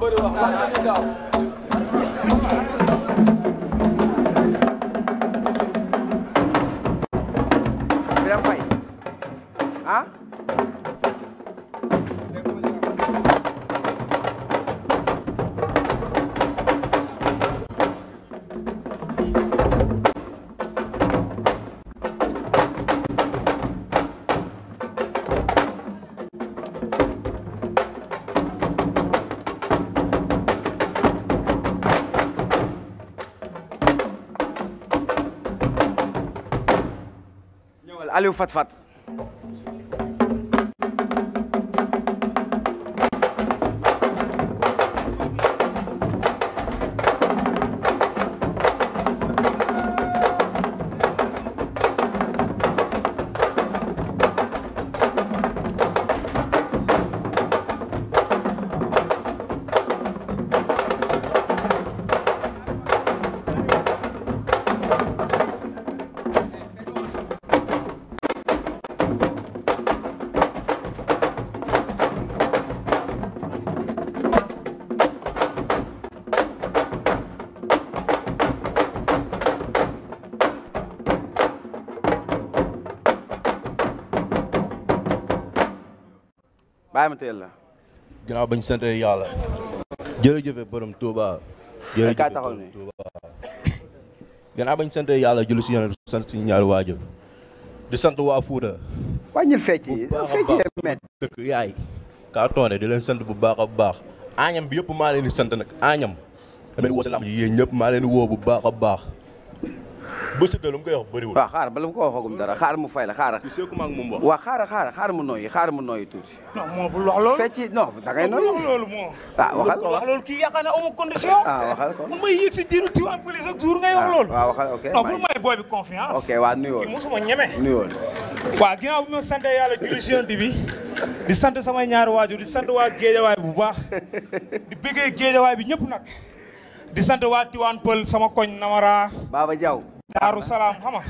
Biram Faye ah Aliou Fatfat bàyyi ma teel la. ginnaaw bañ sant yàlla. jërëjëf borom Touba. jërëjëf borom Touba. ginnaaw bañ sant yàlla julli si yéen sant suñu ñaari waajur di sant waa Fuuta. wàññil fecc yi fecc yi met dëkk yaay. ka toone di leen sant bu baax a baax. añam bi yëpp maa leen di sant nag añam. damay woo si maa leen woo bu baax a baax. bu Siteu lu mu koy wax bëriwul. waaw ko waxagum dara xaar mu fay la xaar. monsieur Kouma ak moom wax. waaw xaar xaar xaar mu nooyi xaar mu nooyi tuuti. non moo bul wax loolu. fecc non dangay nooyi. moo. ah waxal ko wax loolu kii yaakaar condition. ah may yëg si diiru tiw am police ngay wax ah, loolu. waaw waxal may booy confiance. ok waaw ñeme. nuyoo waaw ginnaaw bi ma sant yàlla julli si yonent di sant samay ñaari waaju di sant waa géejawaay bu baax di bëggee bi ñëpp nag di sant sama koñ Namara Baba daaru xama xam nga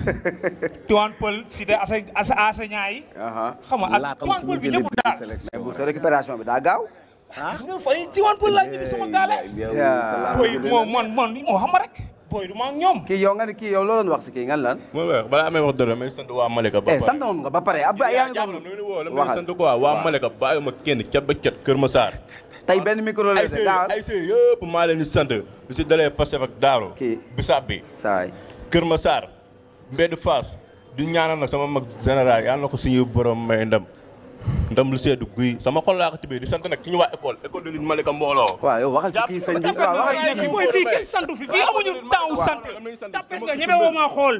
tuwaan pël cité asa enseignant yi. xam nga ak tuwaan pël bi ñëpp daal. bu sa récupération bi daa gaaw. ah gis nga fan yii tuwaan gaale. booy moom man man moo rek. booy du ma ak ñoom. kii yow nga ne ki yow loo doon wax si kii nga lan. balaa amee wax dëgg may sant waa Malika. ba eh, pare sant woon nga ba pare ab yaa kenn cat ba cat Kër Massar. tey benn micro la ay see yëpp maa sant. bi si dalee Pastef ak Daaru. bisaab bi saay Kër Massar Mbedd Fass di ñaanal nag sama mag général yàlla na ko suñu borom may ndam ndam lu seddu guy sama xol laa ko tibbee di sant nag ci ñu waa école école de lutte Malika mbooloo. waaw yow waxal ci kii santu fi fii amuñu temps sant. tapet nga ñeme woo maa xool.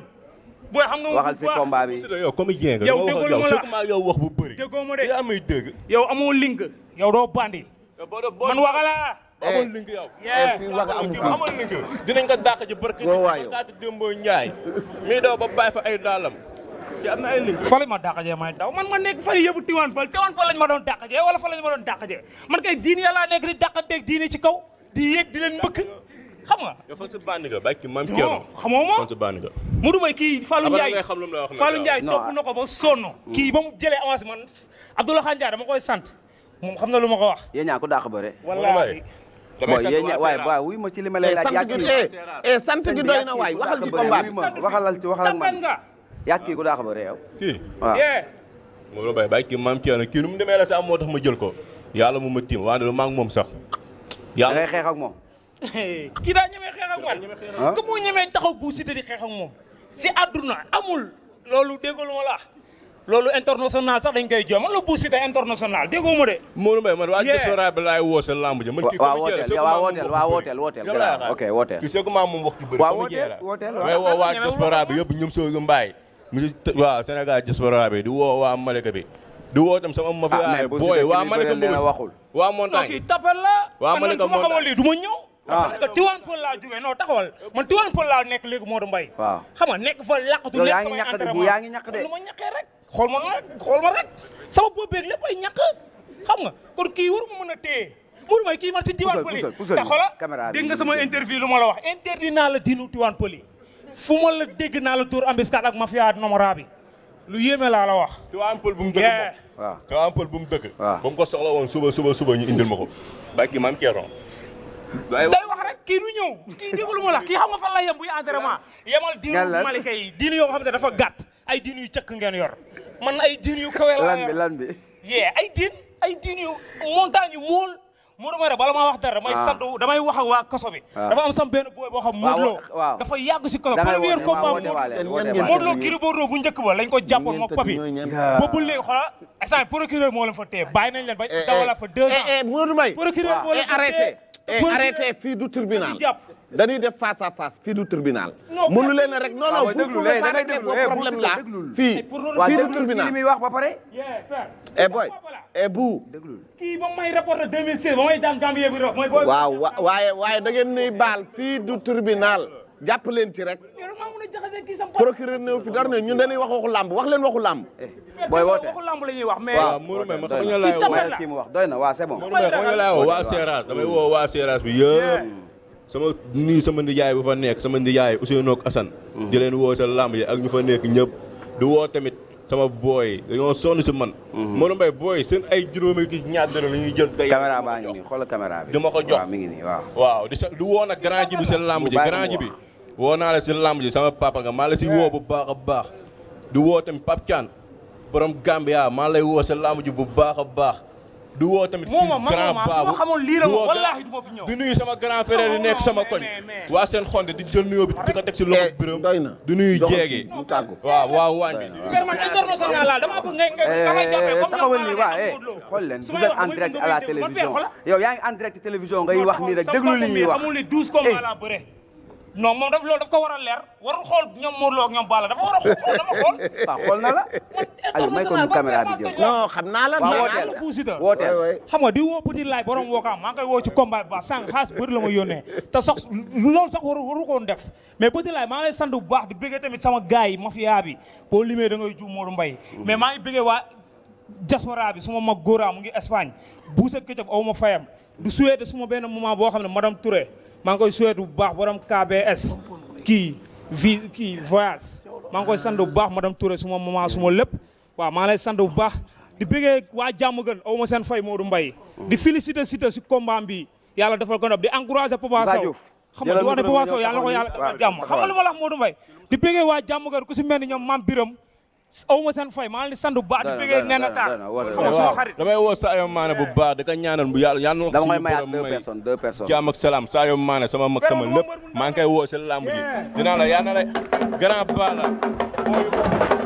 booy xam nga waxal si combat bi yow nga yow déggoo ma la yow wax bu bëri. déggoo ma de yaa may dégg. yow amoo link yow doo bandi. Eh, man waxala eh, amul link yow. Eh, fii wax amul fii amul link dinañ ko dàq ci barke. waawaay yow daati Demba Ndiaye. mii daw ba bàyyi fa ay daalam. ci am na ay link. ma dàq jee may daw man ma nekk fa yëbu Tiwaan Pël Tiwaan Pël ma doon dàq jee wala fa lañ ma doon dàq jee man kay diini yàlla nekk di dàqanteeg diini ci kaw di yéeg di leen mbëkk xam nga. yow fan si bànn nga bàyyi ci maam Thierno. xamoo ma fan si bànn nga. mu dumay kii Fallou Ndiaye Fallou Ndiaye topp na ko ba sonn. kii ba mu jëlee avancement Abdoulaye Khan Ndiaye dama koy sant moom xam na lu ma ko wax. yéen ñaa ko dàq bëre. wallaahi. damay sant waa waaye waaw wuy ma ci li ma lay eh, laaj. yàq yi eh, eh, sant gi doy waxal ci combat bi waxalal ci waxal ak man yàq yi ku dàq bëre yow. kii waaw. moom la bay bay kii maam Thierno kii nu mu demee la sa am moo tax ma jël ko yàlla mu ma tiim waaye lu ngi moom sax. yàlla da xeex ak moom. kii daa ñemee xeex ak man. Ah? ku mu ñemee taxaw bu Siteu di xeex ak moom. si àdduna amul loolu déggoo lu la loolu international sax dañ koy jox man la Bou Siteu international déggoo ma de. Mawla Mbaye man waa diaspora bi laay woosal lamb ja. man kii comme Jalle c' est que waaw wooteel wooteel ok wooteel. kii c' est que moom wax ci bëri comme Jalle mais woo waa diaspora bi yëpp ñoom Sow Mbaye. mu waaw Sénégal diaspora bi di woo waa Malika bi. di woo itam sama ma fi. ah mais bu Siteu waa Malika Mbouy waa Montagne. kii tapal la. waa Malika Montagne man su ma xamoon lii du ma ñëw. waaw ah. parce que Tiwaan Pël laa jógee non taxawal man Tiwaan Pël laa nekk léegi Modou Mbaye. waaw xam nga nekk fa làqatu nekk sama intérêt yaa ngi ñàkk de yaa ngi ñàkk de lu ma ñàkkee rek xool ma rek xool ma sama bopp beeg lépp ay ñàkk xam nga kon kii waru ma mën a téye mënu may kii man ti diwaan pëli te xoola dégg nga sama interview lu ma la wax interdit naa la diinu diwaan pëli fu ma la dégg naa la tour embuscade ak mafia nomora bi lu yéeme laa la wax diwaan pël bu mu dëkk waaw pël bu mu dëkk ba mu ko soxla woon suba suba suba ñu indil ma ko ba kii maam keeroon day wax rek kii du ñëw kii déglu ma la kii xam nga fan la yem buy entraînement yemal diinu malika yi dafa gàtt ay diin yu cëkk ngeen yor man ay diin yu kawe la yor lan bi lan bi yee ay diin ay diin yu montagne yu mool Modou bala maa wax dara damay ah. sant damay wax ak waa kaso da ah. dafa am sam benn booy boo xam Modou Lo dafa yàgg si kaso premier combat Modou Lo Gris Bordeaux bu njëkk ba lañ ko jàppoon moom papi boobu léegi xoola instant procureur moo leen fa téye bàyyi nañ leen ba dawala fa deux ans eh, eh, eh, Modou Mbaye procureur moo leen fa téye arrêté fii du tribunal dañuy def face a face fii du tribunal. mënu leen rek non non ah, pour eh, eh, eh, pour ne pas régler vos fii fii du tribunal kii muy wax ba pare. eh bu. kii ba may rapporté 2016 ba may daan Gambie waaw waaye waaye da ngeen nuy baal fii du tribunal jàpp leen ci rek. procureur néew fi dara ne ñun dañuy wax waxu làmb wax leen waxu làmb. booy woote waxu làmb la ñuy wax mais. waaw Mourou Mbaye ma xam nga ñu laay doy na waaw c'est bon. Mourou laay woo waa Seras damay woo waa bi sama nii sama ndijaay bu fa nekk sama ndijaay Ousseynou ak Assane mm-hmm. di leen woo sa làmb yi ak ñu fa nekk ñëpp di woo tamit sama booy dañoo sonn si man mm-hmm. Modou Mbaye booy seen ay juróomi ki ñaar dara la ñuy jël tey caméra baa ngi nii xoolal ko jox mi ngi nii waaw waaw di sa du woo na grand ji bi seen làmb ji grand bi woo naa la si làmb ji sama papa nga maa la si eh. woo bu baax a baax di woo tamit Pape Thian borom Gambia maa lay woo sa làmb ji bu baax a baax du woo tamit grand ah, baabu di nuyu sama grand frère yi nekk sama koñ waa seen xonde di jël nuyoo bi di ko teg si loxo eh, biram di nuyu jeege waaw waaw waañ bi eh, taxawal nii waa eh xool leen vous êtes en direct à la télévision yow yaa ngi en direct télévision ngay wax nii rek déglu li ñuy wax non moom daf loolu daf ko war a leer warul xool ñoom Modou Lo ak dafa war a na la. aywa may ko ñu caméra bi jël non xam naa la. waaw wooteel ta xam nga di woo Petit Laay borom maa ngi woo ci combat ba sànq xaas bëri ma yónnee te sax loolu sax waru waru ko def mais Petit Laay maa ngi lay sant bu baax di bëggee tamit sama gars yi mafia bi boo limee da ngay ju Modou Mbaye mm. mais maa ngi bëggee waa diaspora bi suma mag góoraa mu ngi Espagne buusat këcëb aw ma fayam du souhaité suma benn moment boo xam ne madame Touré maa ngi koy souhaité bu baax borom KBS ki vi kii voyage maa ngi koy sant bu baax madame Touré suma moment suma lépp waa maa lay sant bu baax di bëggee waa jàmm gën aw ma seen fay Modou Mbaye di félicité Siteu si combat bi yàlla defal ko ndam di encouragé Papa Sow xam nga di wax ne Papa Sow yàlla ma la wax Modou di bëggee waa jàmm gën ku si mel ni ñoom Mame aw ma san fay maa ngi bu baax di bëggee nee na taal xam nga sama xarit damay woo Sadio Mané bu baax da ka ñaanal bu yàlla yàlla na wax suñu borom may deux personnes jaam ak a Sadio Mané sama mag sama lépp maa ngi koy woo si làmb ji dinaa la yàlla na la grand bala